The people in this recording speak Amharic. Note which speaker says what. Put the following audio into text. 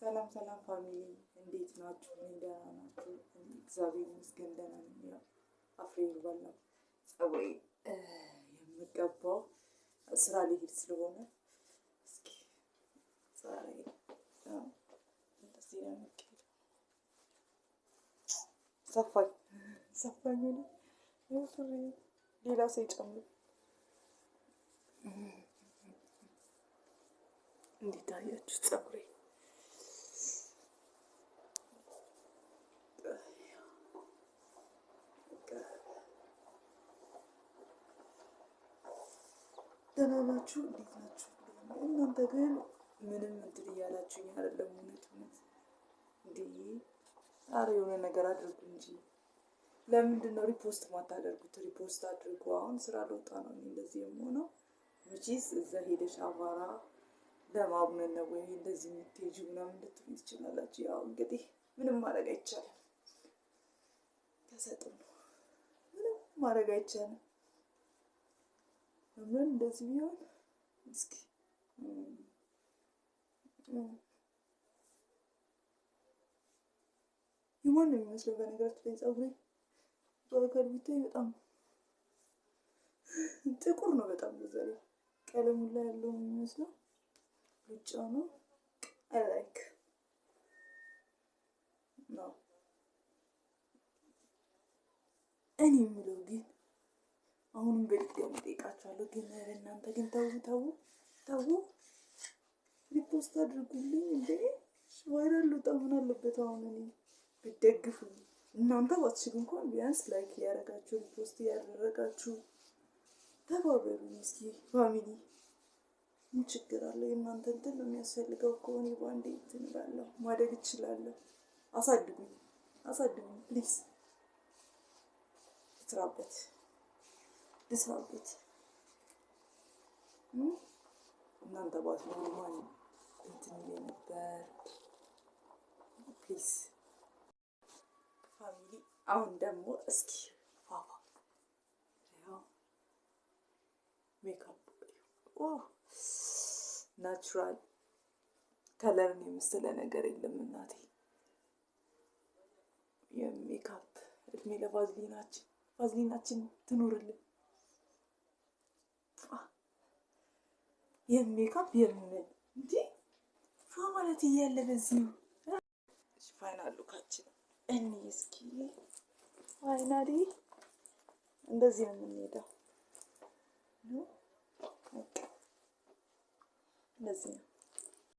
Speaker 1: ሰላም ሰላም ፋሚሊ እንዴት ናችሁ? ደህና ናችሁ? እግዚአብሔር ይመስገን ደህና ነኝ። ያው አፍሬ ይባል የምቀባው ስራ ሊሄድ ስለሆነ እስኪ ዛሬ እንደዚህ ነው ሰፋኝ ሰፋኝ ነው ሌላ ሰው ይጨምሩ እንዴት አያችሁ ጸጉሬ ደህና ናችሁ? እንዴት ናችሁ? እናንተ ግን ምንም እንትን እያላችሁ አይደለም። እውነት እውነት እንዲህ ኧረ የሆነ ነገር አድርጉ እንጂ ለምንድን ነው ሪፖስት ማታደርጉት? ሪፖስት አድርጉ። አሁን ስራ ልወጣ ነው እንደዚህ የምሆነው። መቼስ እዛ ሄደሽ አቧራ ለማቡነን ነው ወይ እንደዚህ የምትሄጂው ምናምን ልትሉ ትችላላችሁ። ያው እንግዲህ ምንም ማድረግ አይቻልም። ተሰጥቶ ምንም ማድረግ አይቻልም። ምን እንደዚህ ቢሆን እስኪ ይሆን ነው የሚመስለው። በነገራችን ላይ ፀጉሬ በአካል ቢታይ በጣም ጥቁር ነው። በጣም በዛ ቀለሙ ላይ ያለው የሚመስለው ብጫ ነው። አይ ላይክ ነው እኔ የምለው አሁንም በልጥ ያው እጠይቃቸዋለሁ። ግን እናንተ ግን ተው ተው ተው ሪፖስት አድርጉልኝ እንዴ ቫይራል ልውጣ ምን አለበት? አሁን እኔ ብትደግፉ እናንተ ባትችሉ እንኳን ቢያንስ ላይክ እያደረጋችሁ ሪፖስት እያደረጋችሁ ተባበሩ እስኪ ፋሚሊ። ምን ችግር አለው? የእናንተ እንትን ነው የሚያስፈልገው ከሆነ ባንዴ እንትን እላለሁ ማደግ እችላለሁ። አሳድጉኝ አሳድጉኝ ፕሊዝ ትራበት ልስራበት። እናንተ ባትኖሩ ማን እንትን ይለኝ ነበር? ፕሊዝ ፋሚሊ። አሁን ደግሞ እስኪ ፋፋ ሜካፕ ናቹራል ከለርን የመሰለ ነገር የለም እናቴ። የሜካፕ እድሜ ለቫዝሊናችን ቫዝሊናችን ትኖርልን የሜካፕ የምን እንዲ ፏ ማለት እያለ በዚህ ፋይናል ሉካችን እኔ እስኪ ፋይናሊ እንደዚህ ነው የምንሄደው። እንደዚህ ነው